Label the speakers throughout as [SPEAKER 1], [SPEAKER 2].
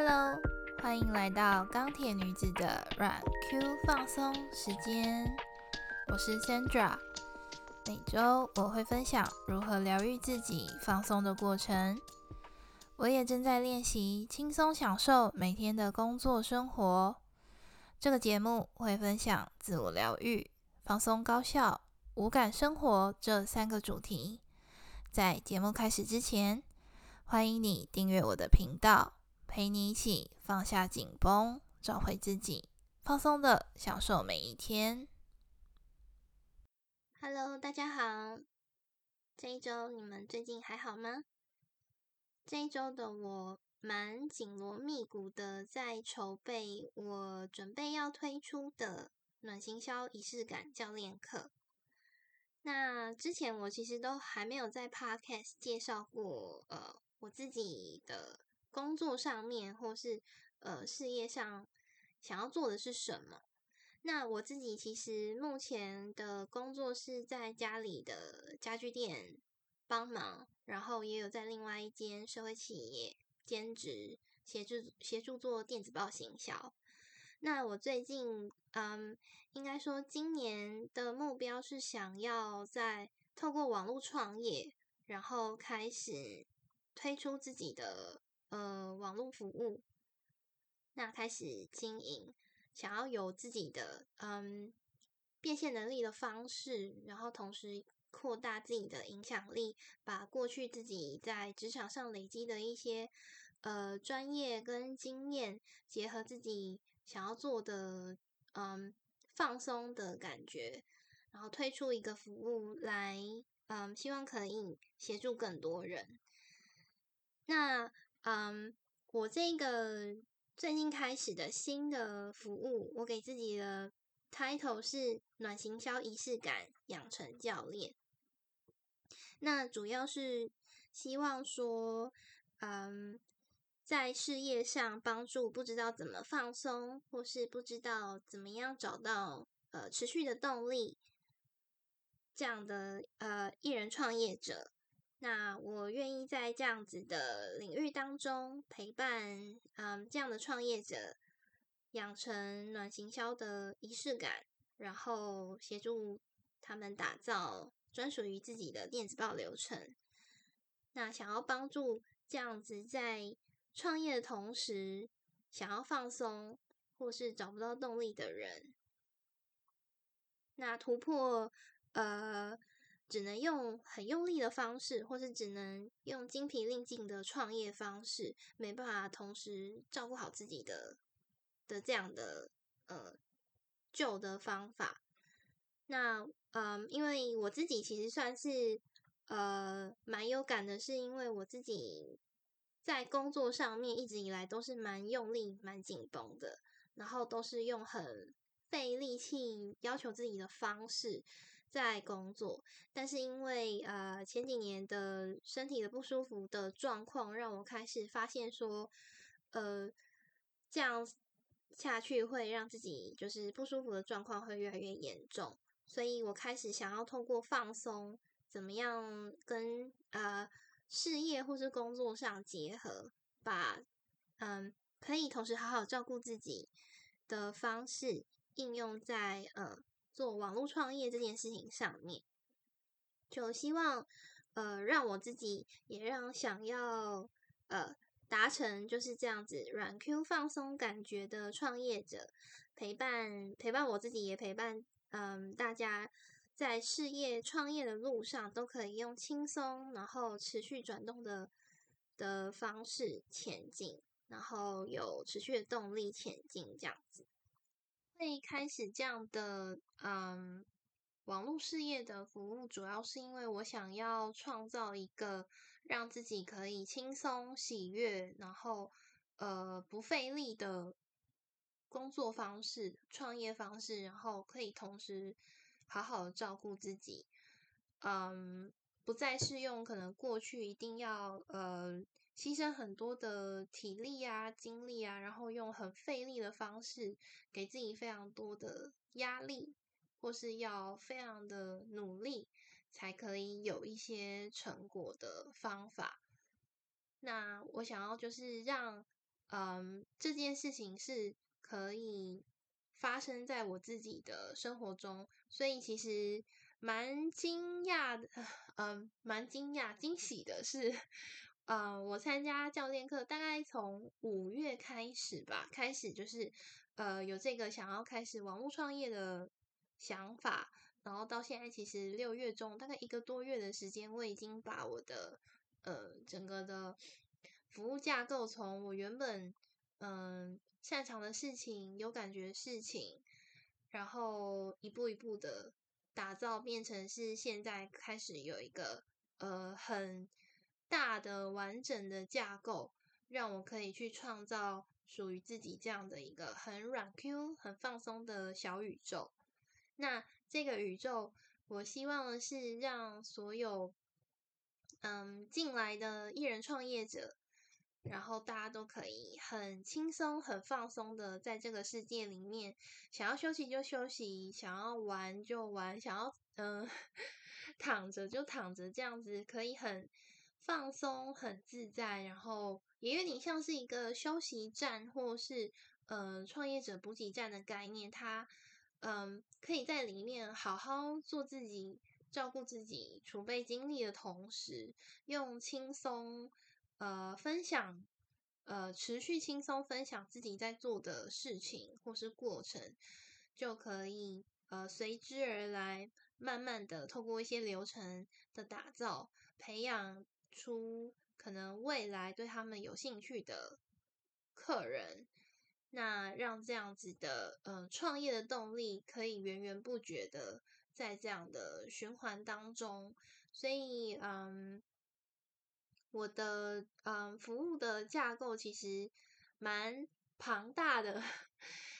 [SPEAKER 1] Hello，歡迎來到鋼鐵女子的軟 Q 放鬆時間。我是 Sandra，每週我會分享如何療癒自己、放鬆的過程。我也正在練習輕鬆享受每天的工作生活。這個節目會分享自我療癒、放鬆高效、高效、無感生活這三個主題。在節目開始之前，歡迎你訂閱我的頻道。陪你一起放下緊繃，找回自己，放鬆的享受每一天。Hello，大家好，這一周你們最近還好嗎？這一周的我蠻緊鑼密鼓的在籌備我準備要推出的暖行銷儀式感教練課。那之前我其實都還沒有在 Podcast 介紹過，呃，我自己的。工作上面，或是呃事業上，想要做的是什麼？那我自己其實目前的工作是在家裡的家具店幫忙，然後也有在另外一間社會企業兼職協助協助做電子報行銷。那我最近，嗯，應該說今年的目標是想要再透過網絡創業，然後開始推出自己的。呃，網路服務，那開始經營，想要有自己的嗯變現能力的方式，然後同時擴大自己的影響力，把過去自己在職場上累積的一些呃專業跟經驗，結合自己想要做的嗯放鬆的感覺，然後推出一個服務來，嗯，希望可以協助更多人。那。嗯，um, 我這個最近開始的新的服務，我給自己的 title 是暖行銷儀式感養成教練。那主要是希望說，嗯、um,，在事業上幫助不知道怎麼放鬆，或是不知道怎麼樣找到呃持續的動力，這樣的呃一人創業者。那我願意在這樣子的領域當中陪伴，嗯，這樣的創業者，養成暖行銷的儀式感，然後協助他們打造專屬於自己的電子報流程。那想要幫助這樣子在創業的同時想要放鬆或是找不到動力的人，那突破，呃。只能用很用力的方式，或是只能用精疲力盡的創業方式，沒辦法同時照顧好自己的的這樣的呃舊的方法。那嗯，因為我自己其實算是呃蠻有感的，是因為我自己在工作上面一直以來都是蠻用力、蠻緊繃的，然後都是用很費力氣要求自己的方式。在工作，但是因為呃前幾年的身體的不舒服的狀況，讓我開始發現說，呃，這樣下去會讓自己就是不舒服的狀況會越來越嚴重，所以我開始想要透過放鬆，怎麼樣跟呃事業或是工作上結合，把嗯、呃、可以同時好好照顧自己的方式應用在嗯。呃做網絡創業這件事情上面，就希望呃讓我自己，也讓想要呃達成就是這樣子軟 Q 放鬆感覺的創業者陪伴，陪伴我自己，也陪伴嗯、呃、大家在事業創業的路上都可以用輕鬆，然後持續轉動的的方式前進，然後有持續的動力前進這樣子。最開始這樣的，嗯，網絡事業的服務，主要是因為我想要創造一個讓自己可以輕鬆、喜悅，然後呃不費力的工作方式、創業方式，然後可以同時好好照顧自己，嗯，不再是用可能過去一定要呃。犧牲很多的體力啊、精力啊，然後用很費力的方式，給自己非常多的壓力，或是要非常的努力，才可以有一些成果的方法。那我想要就是讓，嗯，這件事情是可以發生在我自己的生活中，所以其實蠻驚訝的，嗯，蠻驚訝、驚喜的是。呃，我參加教練課大概從五月開始吧，開始就是，呃，有這個想要開始網絡創業的想法，然後到現在其實六月中，大概一個多月的時間，我已經把我的呃整個的服務架構，從我原本嗯、呃、擅長的事情、有感覺的事情，然後一步一步的打造，變成是現在開始有一個呃很。大的完整的架構，讓我可以去創造屬於自己這樣的一個很軟 Q、很放鬆的小宇宙。那這個宇宙，我希望的是讓所有嗯進來的一人創業者，然後大家都可以很輕鬆、很放鬆的在這個世界裡面，想要休息就休息，想要玩就玩，想要嗯躺着就躺着，這樣子可以很。放鬆很自在，然後也有點像是一個休息站，或是嗯，呃、創業者補給站的概念，它嗯、呃、可以在裡面好好做自己，照顧自己，儲備精力的同時，用輕鬆呃分享呃持續輕鬆分享自己在做的事情或是過程，就可以呃隨之而來，慢慢的透過一些流程的打造，培養。出可能未來對他們有興趣的客人，那讓這樣子的嗯、呃、創業的動力可以源源不絕的在這樣的循環當中，所以嗯，我的嗯服務的架構其實蠻龐大的，呵呵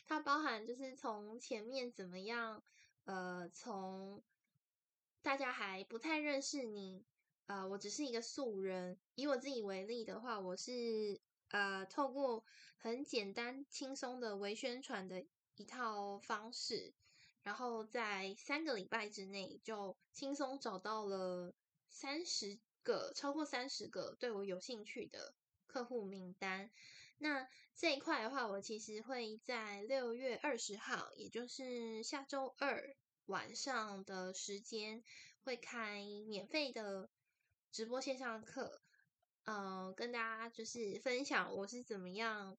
[SPEAKER 1] 它包含就是從前面怎麼樣呃從大家還不太認識你。啊、呃，我只是一個素人。以我自己為例的話，我是呃，透過很簡單、輕鬆的微宣傳的一套方式，然後在三個禮拜之內就輕鬆找到了三十個，超過三十個對我有興趣的客戶名單。那這一塊的話，我其實會在六月二十號，也就是下周二晚上的時間，會開免費的。直播線上課，嗯、呃，跟大家就是分享我是怎麼樣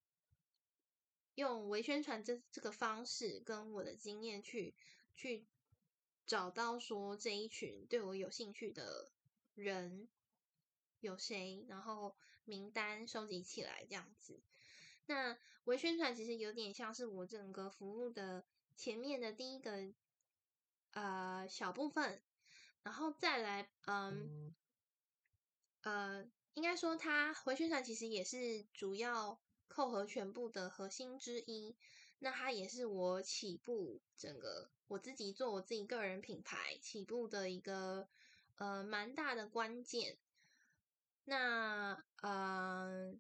[SPEAKER 1] 用微宣傳這這個方式，跟我的經驗去去找到說這一群對我有興趣的人有誰，然後名單收集起來這樣子。那微宣傳其實有點像是我整個服務的前面的第一個呃小部分，然後再來、呃、嗯。呃，應該說，它，微宣傳其實也是主要扣合全部的核心之一。那它也是我起步整個我自己做我自己個人品牌起步的一個呃蠻大的關鍵。那呃，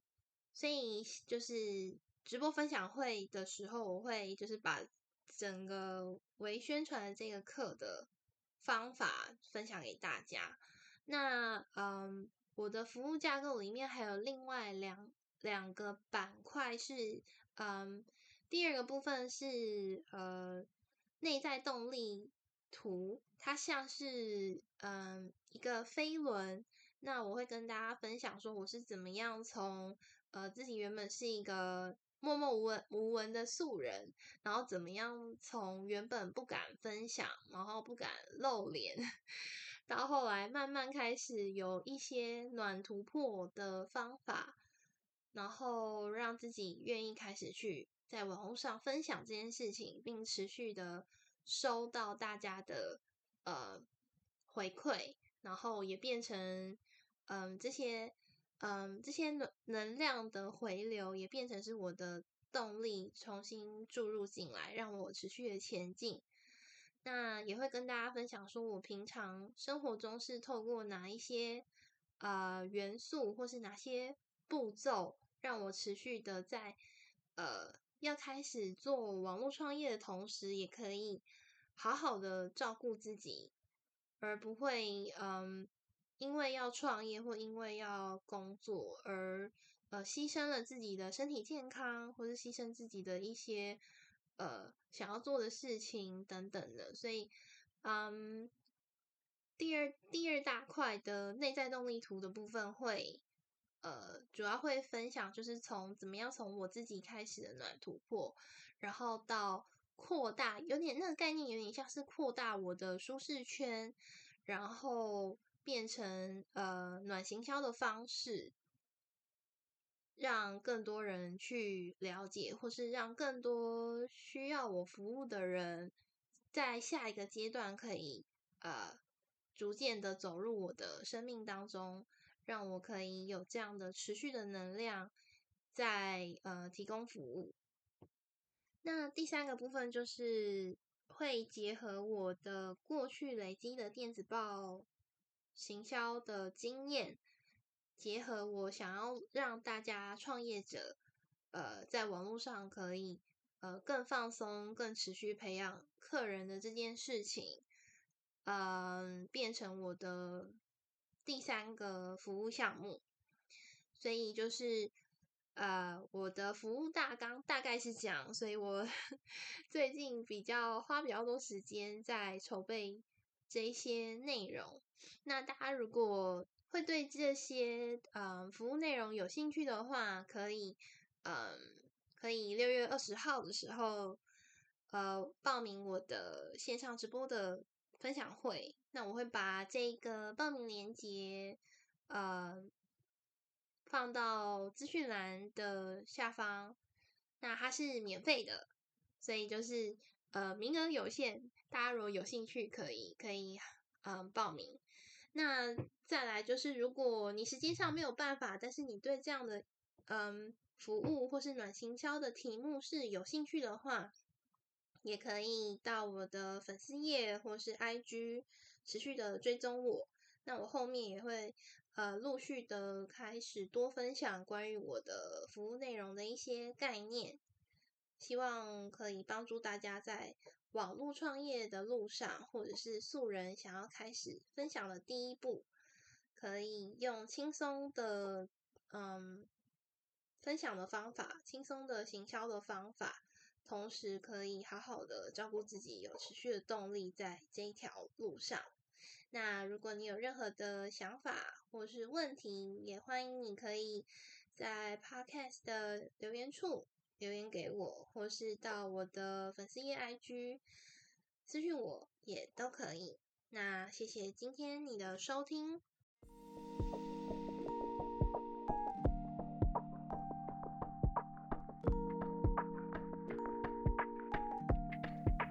[SPEAKER 1] 所以就是直播分享會的時候，我會就是把整個微宣傳的這個課的方法分享給大家。那嗯。呃我的服務架構裡面還有另外兩兩個板塊是，嗯，第二個部分是呃嗯內在動力圖，它像是嗯一個飛輪。那我會跟大家分享說，我是怎麼樣從呃自己原本是一個默默無聞無聞的素人，然後怎麼樣從原本不敢分享，然後不敢露臉。到後來，慢慢開始有一些暖突破的方法，然後讓自己願意開始去在網路上分享這件事情，並持續的收到大家的呃回饋，然後也變成嗯、呃、這些嗯、呃、這些能能量的回流，也變成是我的動力，重新注入進來，讓我持續的前進。那也會跟大家分享，說我平常生活中是透過哪一些啊、呃、元素，或是哪些步驟，讓我持續的在呃要開始做網絡創業的同時，也可以好好的照顧自己，而不會嗯、呃、因為要創業或因為要工作而呃犧牲了自己的身體健康，或是犧牲自己的一些。呃，想要做的事情等等的，所以，嗯，第二第二大塊的內在動力圖的部分會，呃，主要會分享就是從怎麼樣從我自己開始的暖突破，然後到擴大，有點那個概念有點像是擴大我的舒適圈，然後變成呃暖行銷的方式。讓更多人去了解，或是讓更多需要我服務的人，在下一個階段可以呃，逐漸的走入我的生命當中，讓我可以有這樣的持續的能量在，在呃提供服務。那第三個部分就是會結合我的過去累積的電子報行銷的經驗。結合我想要讓大家創業者，呃，在網絡上可以呃更放鬆、更持續培養客人的這件事情，呃，變成我的第三個服務項目。所以就是，呃，我的服務大綱大概是這樣，所以我最近比較花比較多時間在籌備這些內容。那大家如果，會對這些呃服務內容有興趣的話，可以嗯、呃，可以六月二十號的時候呃報名我的線上直播的分享會。那我會把這個報名鏈接呃放到資訊欄的下方。那它是免費的，所以就是呃名額有限，大家如果有興趣可以可以嗯、呃，報名。那。再來就是，如果你時間上沒有辦法，但是你對這樣的嗯服務或是暖行銷的題目是有興趣的話，也可以到我的粉絲頁或是 IG 持續的追蹤我。那我後面也會呃陸續的開始多分享關於我的服務內容的一些概念，希望可以幫助大家在網絡創業的路上，或者是素人想要開始分享的第一步。可以用輕鬆的嗯分享的方法，輕鬆的行銷的方法，同時可以好好的照顧自己，有持續的動力在這一條路上。那如果你有任何的想法或是問題，也歡迎你可以在 Podcast 的留言處留言給我，或是到我的粉絲頁 IG 私訊我也都可以。那謝謝今天你的收聽。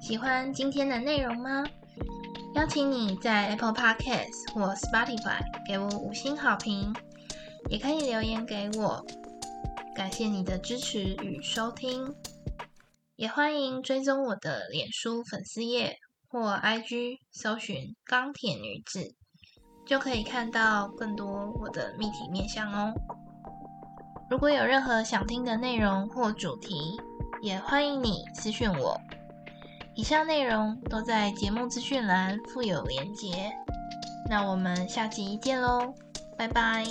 [SPEAKER 1] 喜歡今天的內容嗎？邀請你在 Apple Podcast 或 Spotify 給我五星好評，也可以留言給我。感謝你的支持與收聽，也歡迎追蹤我的臉書粉絲頁或 IG，搜尋“鋼鐵女芷”，就可以看到更多我的立體面相哦。如果有任何想聽的內容或主題，也歡迎你私訊我。以上內容都在節目資訊欄附有連結，那我們下集見嘍，拜拜。